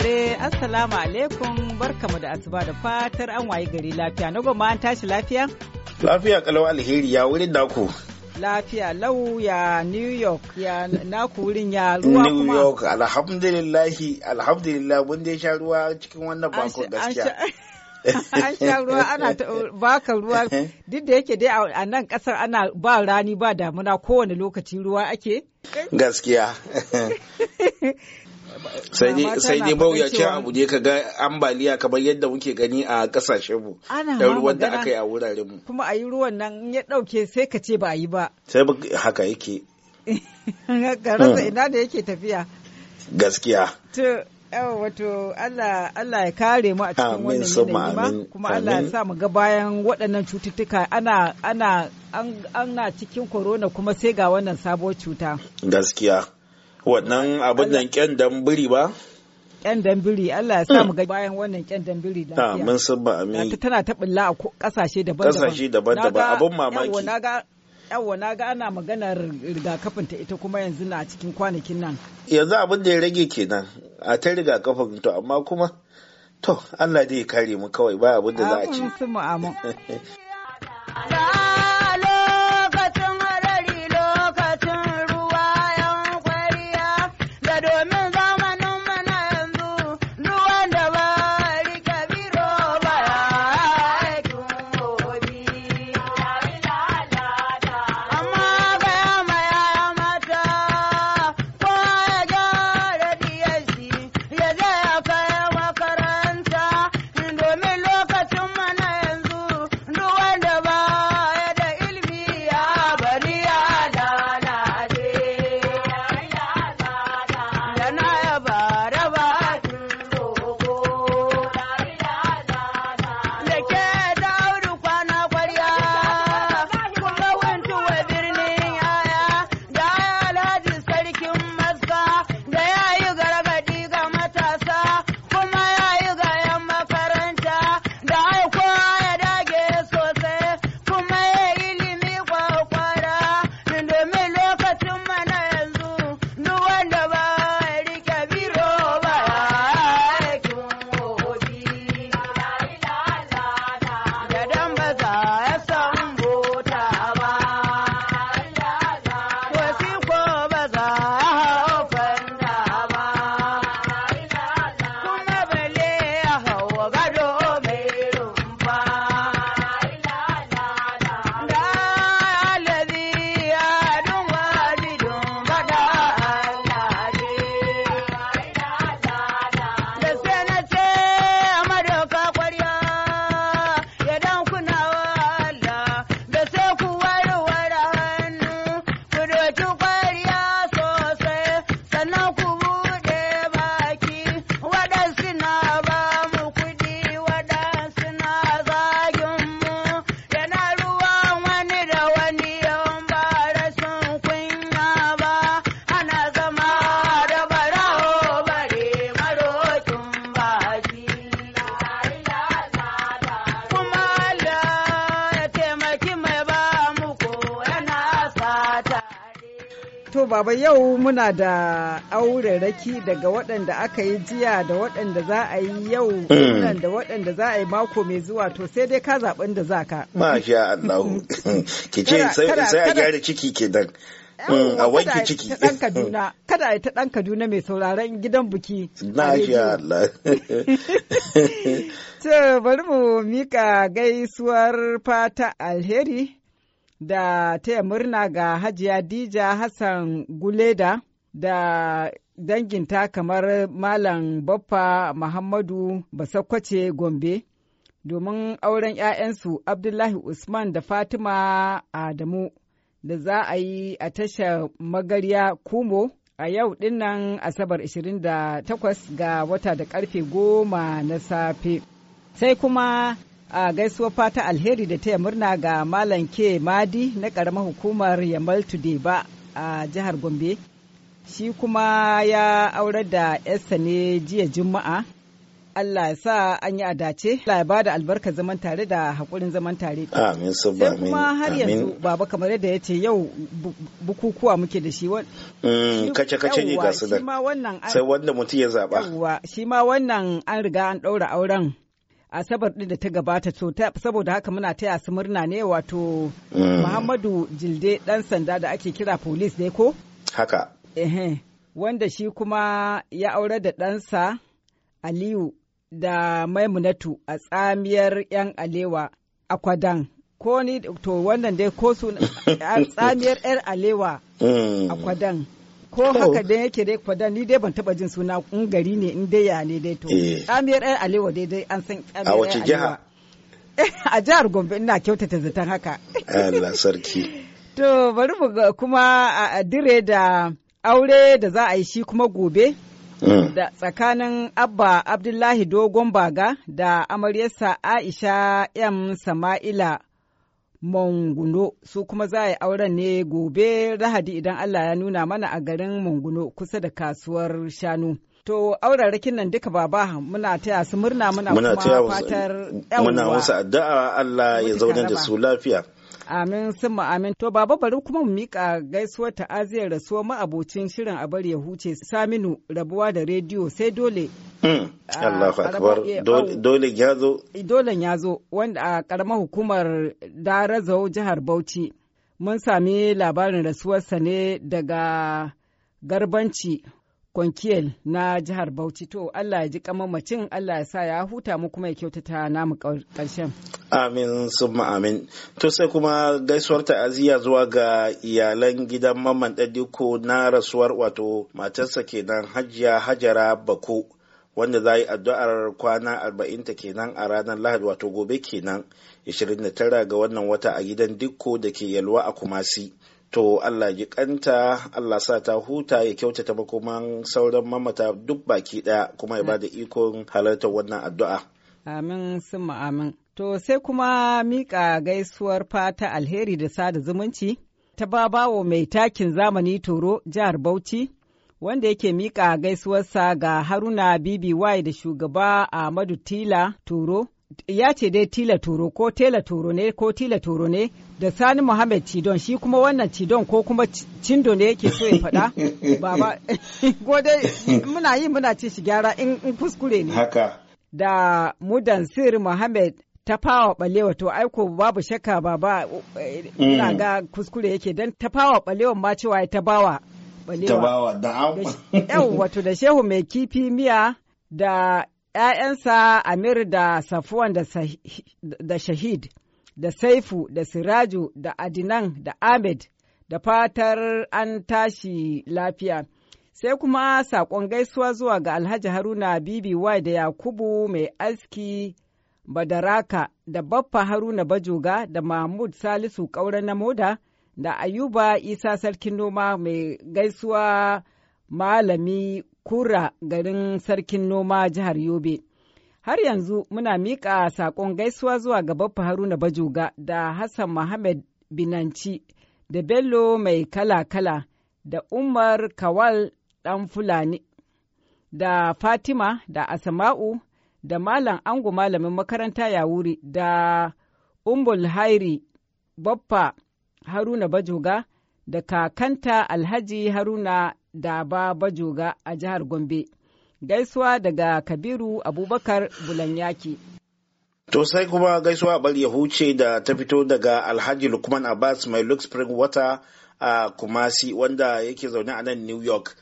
saurare Assalamu alaikum barkamu da asuba da fatar an wayi gari lafiya na goma an tashi lafiya? Lafiya kalau alheri ya wurin naku. Lafiya lau ya New York ya naku wurin ya ruwa kuma. New York alhamdulillah alhamdulillah mun dai sha ruwa cikin wannan bako gaskiya. an sha ruwa ana baka ruwa eh? duk da yake dai a nan kasar ana ba rani ba damuna kowane lokaci ruwa ake gaskiya sai dai mawuyacin abu ne ka ga ambaliya kamar yadda muke gani a kasashen mu da ruwan da aka yi a wuraren mu kuma a yi ruwan nan ya dauke sai ka ce ba yi ba sai haka yake ga rasa ina da yake tafiya gaskiya to yawa wato Allah Allah ya kare mu a cikin wannan yanayi kuma Allah ya sa mu ga bayan waɗannan cututtuka ana ana an na cikin corona kuma sai ga wannan sabuwar cuta gaskiya wannan abin nan kyan dambiri ba kyan dambiri Allah ya sa mu ga bayan wannan kyan dambiri lafiya ah, amin sabba amin tana taɓilla a ƙasashe daban-daban Ƙasashe daban-daban abin mamaki Yawwa na ga ana maganar rigakafin ta ita kuma yanzu na cikin kwanakin nan yanzu abin da ya rage kenan a ta rigakafin to amma kuma to Allah zai kare mu kawai ba abin da za a ci To baba yau muna da aure raki daga waɗanda aka yi jiya da waɗanda za a yi yau hmm. da waɗanda za a yi mako mai zuwa to sai dai ka zaɓin da za ka. Masha Allah! Ki ce sai a gyara ciki ke dan. Hmm, a wanke ciki Kada a kada ta ɗan kaduna mai sauraron gidan buki na Allah to bari mu mika gaisuwar fata alheri da taya murna ga hajiya dija hassan guleda da danginta kamar malam baffa muhammadu basakwace gombe domin auren 'ya'yansu abdullahi usman da fatima adamu da za a yi a tashar magarya kumo a yau dinnan asabar 28 ga wata da karfe goma na safe sai kuma a gaisuwar fata alheri da taya murna ga malam ke madi na karamar hukumar yamal ba a jihar gombe shi kuma ya aurar da yarsa ne jiya juma'a allah ya sa an yi adace allah ya ba da albarka zaman tare da haƙurin zaman tare amin sai kuma har yanzu baba kamar yadda ya ce yau bukukuwa muke da shi mm, kace kace ne ga su sai wanda mutum ya zaba shi ma wannan an riga an ɗaura auren asabar din da ta gabata to saboda haka muna taya su murna ne wato mm. muhammadu jilde dan sanda da ake kira polis ne ko haka wanda shi kuma ya aure da ɗansa aliyu da maimunatu a tsamiyar yan alewa a kwadan ko ni to wannan dai ko su tsamiyar 'yan alewa a mm. kwadan ko haka dai yake dai kwada ni dai ban taba jin suna in gari ne in dai ya ne dai to tsamiyar eh. yan alewa dai dai an san tsamiyar a wace a jihar gombe ina kyautata zaton haka Allah sarki to bari mu kuma a dire da aure da za a yi shi kuma gobe mm. da tsakanin abba abdullahi dogon baga da amaryarsa aisha m sama'ila Manguno su kuma za a yi auren ne gobe Lahadi idan Allah ya nuna mana a garin Manguno kusa da kasuwar shanu. To aurarakin nan duka baba muna taya su murna muna kuma fatar Muna wasu addu'a Allah ya zaune da su lafiya. Amin sun amin. To baba bari kuma mu mika gaisuwar ta'aziyar rasuwar ma'abocin shirin a bari ya huce Saminu rabuwa da rediyo sai dole. Hmm, Allahu akbar dole ya zo. Eh, dole ya zo wanda a karamar hukumar Darazau jihar Bauchi. Mun sami labarin rasuwarsa ne daga Garbanci Kwankiyel na jihar Bauchi to Allah ya ji kamamacin Allah ya sa ya huta mu kuma ya kyautata namu karshen. Amin summa amin. To sai kuma gaisuwar ta'aziyya zuwa ga iyalan gidan Mamman Dadiko na rasuwar wato matarsa kenan Hajiya Hajara Bako wanda za yi addu'ar kwana arba'in ta kenan a ranar Lahadi wato gobe kenan 29 ga wannan wata a gidan Dikko da ke Yalwa a Kumasi. to Allah ya kanta Allah sa ta huta ya kyautata makoman sauran mamata duk baki daya kuma ya bada ikon halartar wannan addu'a amin sun amin to sai kuma miƙa gaisuwar fata alheri da sada zumunci ta babawo mai takin zamani toro jihar Bauchi wanda yake miƙa gaisuwarsa ga Haruna BBY da shugaba Ahmadu Tila toro. ya ce dai tila turo ko tela turo ne ko tila turo ne da sani muhammad cidon shi kuma wannan cidon ko kuma cindo ne yake so ya faɗa baba gode muna yi muna ci shi gyara in kuskure ne haka da mudan sir muhammad tafawa balewa to aiko babu shakka baba e, mm. ina ga kuskure yake dan tafawa balewa ma cewa ta bawa balewa da wato da shehu mai kifi miya da ‘ya'yansa Amir da Safuwan da Shahid, da Saifu da Siraju da Adinan da Ahmed da fatar an tashi lafiya. Sai kuma saƙon gaisuwa zuwa ga Alhaji Haruna BBY da Yakubu mai aski Badaraka da Baffa Haruna Bajoga da Mahmud Salisu Ƙauren na Moda da Ayuba Isa Sarkin Noma mai gaisuwa Malami kura garin sarkin noma jihar Yobe. Har yanzu muna miƙa saƙon gaisuwa zuwa ga Baffa Haruna Bajoga da Hassan Mohammed Binanci da Bello mai kala-kala da Umar Kawal ɗan Fulani da Fatima da Asama'u da Malam Ango Malamin makaranta Yawuri da Umbul Hairi Baffa Haruna Bajoga da kakanta Alhaji Haruna Daba Bajoga a jihar Gombe. Gaisuwa daga Kabiru Abubakar Bulanyaki. To sai kuma gaisuwa bari ya huce da ta fito daga Alhaji Lukman Abbas mai Luke Spring Water a Kumasi wanda yake zaune a nan New York.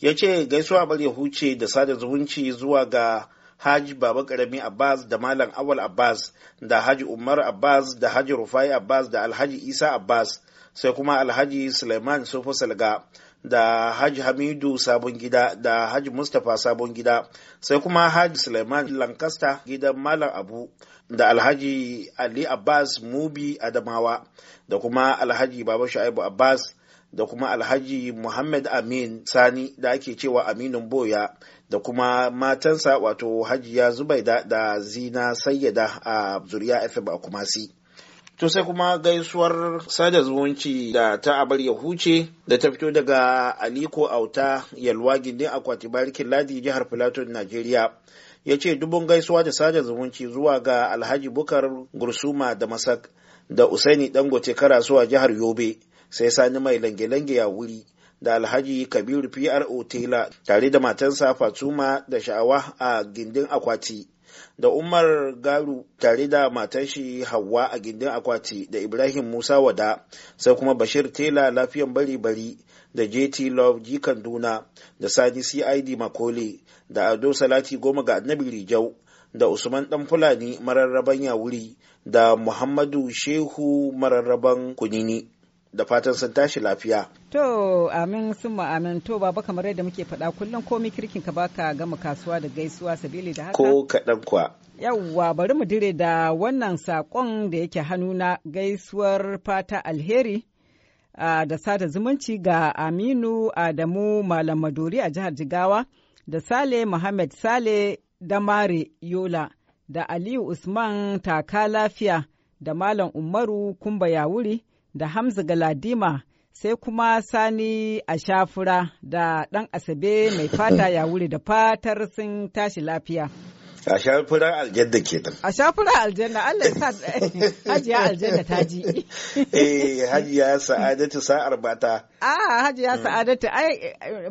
Ya ce gaisuwa bari ya huce da sada zumunci zuwa ga Haji Baba Karami Abbas da Malam Awal Abbas da Haji Umar Abbas da Haji Rufai Abbas da Alhaji Isa Abbas sai kuma Alhaji Suleiman Sofo Salga da Hajji Hamidu Sabon Gida da Hajji Mustapha Sabon Gida sai kuma Hajji Suleiman Lancaster gidan Malam Abu da Alhaji Ali Abbas Mubi Adamawa da kuma Alhaji Baba sha'ibu Abbas da kuma Alhaji Muhammad Amin Sani da ake cewa Aminun Boya da kuma matansa wato Hajiya Zubaida da Zina Sayyada a Zuriya FM a Kumasi. To sai kuma gaisuwar sada zumunci da ta abar ya huce da ta fito daga Aliko Auta Yalwa gindin akwati barikin ladi jihar Filato Najeriya. Ya ce dubun gaisuwa da sada zumunci zuwa ga Alhaji Bukar Gursuma da Masak da Usaini Dangote Karasuwa jihar Yobe sai Sani mai lange-lange ya wuri. da alhaji kabiru pro tela tare da matansa fatuma da sha'awa a gindin akwati da Umar Garu tare da matar shi Hawwa a gindin akwati da Ibrahim Musa Wada sai kuma Bashir Tela lafiyan bari bari da JT Love G Kaduna da Sani CID Makole da Ado Salati Goma ga Annabi Rijau da Usman Dan Fulani mararraban Yawuri da Muhammadu Shehu mararraban Kunini. da fatan sun tashi lafiya. To amin sun amin to kamar yadda muke faɗa kullum komi kirkin ka baka gama kasuwa da gaisuwa sabili da haka. Ko kaɗan kuwa. Yawwa bari mu dire da wannan saƙon da yake hannu na gaisuwar fata alheri. da sada zumunci ga Aminu Adamu Malam Maduri a jihar Jigawa da Sale Muhammad Sale Damare Yola da Aliyu Usman Taka Lafiya da Malam Umaru Kumba Yawuri da Hamza Galadima sai kuma Sani a shafura da ɗan Asabe mai fata ya wuri da fatar sun tashi lafiya. A shafura, aljanna ke nan. A shafura, aljanna Allah ya sa hajiya aljanna ta ji. Eh hajiya sa'adatu sa'ar Bata. Ah, hajiya sa'adatu ai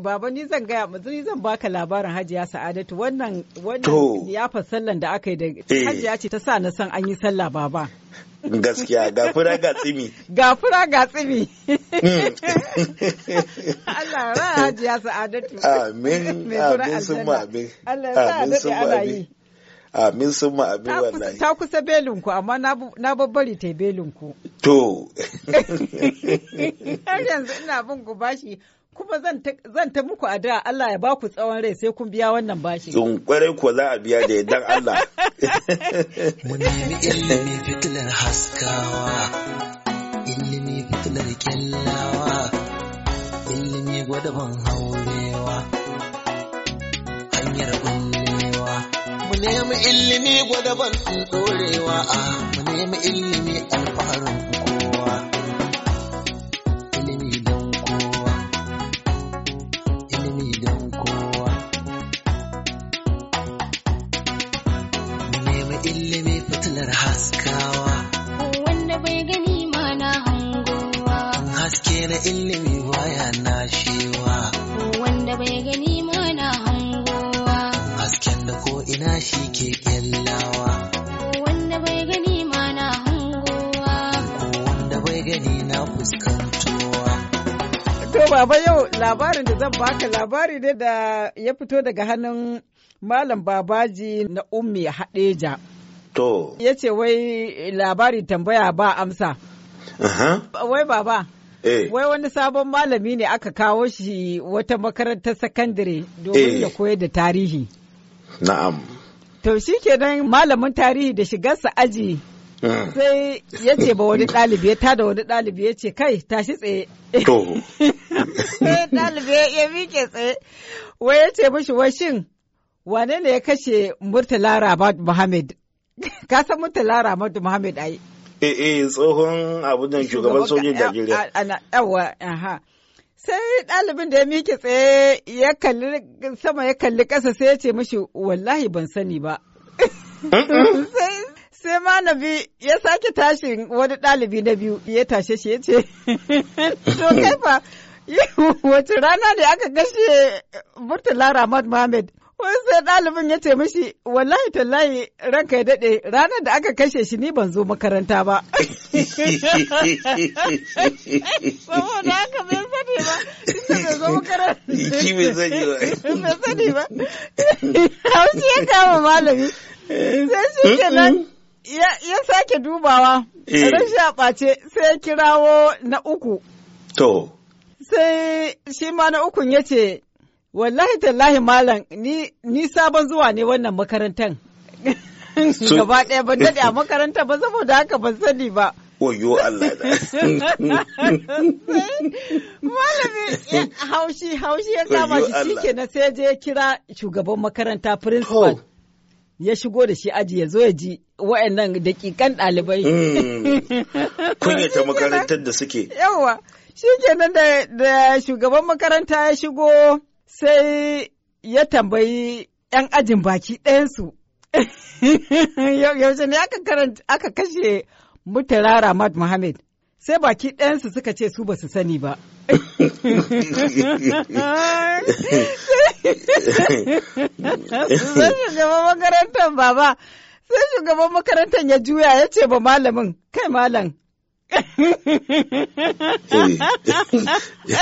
baba ni zan gaya mu ni zan baka labarin hajiya sa'adatu wannan wannan ya fa sallan da aka yi da eh. hajiya ce ta sa na san an yi sallah baba. gaskiya ga fura ga tsimi ga fura ga tsimi hmm. Allah ra hajiya sa'adatu amin amin sun ma amin amin sun ma amin amin sun ma amin wallahi ta kusa ku amma na babbari ta ku to har yanzu ina bin gubashi bashi kuma zan ta muku a da Allah ya baku tsawon rai sai kun biya wannan bashi. Tun kwarai kuwa za a biya da yadda Allah. Mu nemi ilimi fitilar haskawa, ilimi fitilar kyallawa, ilimi gwada ban haurewa, hanyar bullewa. Mu nemi ilimi gwada ban dorewa, ah, mu nemi ilimi alfaharin ilimi baya nashewa wanda bai gani na hangowa hasken da ko ina shi ke kyallawa wanda bai gani na hangowa ko wanda bai gani na fuskantowa to baba yau labarin da zan baka labari ne da ya fito daga hannun malam babaji na ummi hadeja to ya ce wai labarin tambaya ba amsa Wai baba, Eh. Wai wani sabon malami ne aka kawo shi wata makarantar sakandare domin eh. ya koyar da tarihi. Na'am. To shi kenan malamin tarihi da shigarsa aji ah. sai ya ce ba wani ɗalibi ya tada wani ɗalibi ya ce kai tashi tsaye. To. ɗalibi ya miƙe tsaye. Wai ya ce mashi washin wane ne ya kashe Murtala Ramadu Muhammad? Ka san Murtala Ramadu Muhammad ai. Eh, eh tsohon abin da shugaban sojin Najeriya yawa aha sai ɗalibin da ya miƙe tsaye ya kalli sama ya kalli ƙasa sai ya ce mashi wallahi ban sani ba sai Manabi ya sake tashi wani ɗalibi na biyu ya tashe shi ya ce to kai fa wace rana ne aka gashe Murtala Ramad Mohamed sai ɗalibin ya ce mishi wallahi tallahi ranka ya daɗe ranar da aka kashe shi ni ban zo makaranta ba. Saboda haka bai sani ba, bai zo makaranta. Ki bai sani ba. Bai sani ba. Haushi ya kama malami. Sai shi nan ya sake dubawa. Eh. Rashin a ɓace sai ya kirawo na uku. To. Sai shi ma na ukun ya ce, Wallahi tallahi malam ni ni sabon zuwa ne wannan makarantan. Gaba ɗaya ban daɗe a makaranta ba saboda haka ban sani ba. Oyo Allah da. Malami haushi haushi ya kama shi shike na sai je kira shugaban makaranta principal. Oh. ya shigo da shi aji ya zo ya ji wa'annan daƙiƙan ɗalibai. Hmm. Kunyata ta makarantar da suke. Yawa, shi kenan da shugaban makaranta ya shigo sai ya tambayi 'yan ajin baki ɗayansu yaushe ne aka kashe mutara Ramad Muhammad sai baki ɗayansu suka ce su ba su sani ba. Sai shugaban makarantar baba, sai shugaban makarantar ya juya ya ce ba malamin, kai malam, Sai ya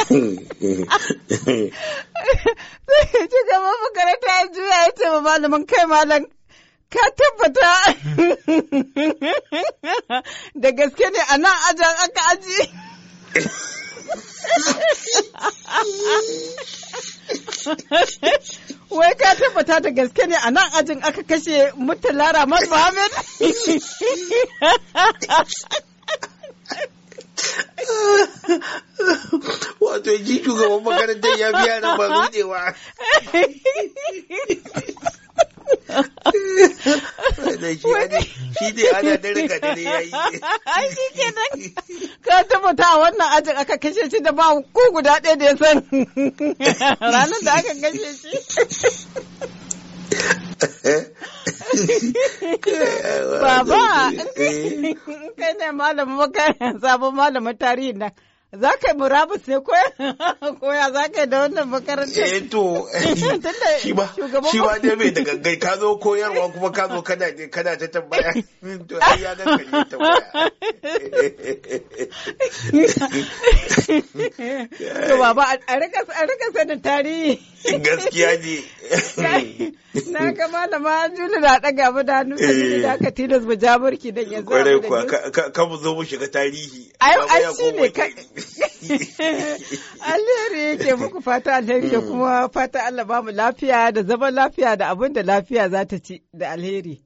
ci gaba makaranta ya juya ya ce malamin kai malam ka tabbata da gaske ne a nan aji aka aji. Wai ka tabbata da gaske ne a nan ajin aka kashe Murtala Ramar Muhammad? wato ya ji shugaban makarantar ya biya na ba rudewa shi ne ana wannan ajin aka kashe shi da ba ku guda ɗaya da ya san aka kashe shi Baba, kai sabon malamin tarihi za ka yi murabus ne koya za ka yi da wannan makarantar. Eh to, eh, shi ba, shi ba ne bai daga gai. ka zo koyarwa kuma ka zo kana je kana ta tambaya. To, ai ya ga kan yi tambaya. To, ba a rika sanin tarihi. gaskiya ne na da ma juli na daga mu da hannu eh. da aka tilas mu ki dan yanzu kwarai kuwa ka mu zo mu shiga tarihi ai ai ne ka alheri yake muku fata alheri ke mm. kuma fata Allah ba mu lafiya da zaman lafiya da abin da lafiya za ta ci da alheri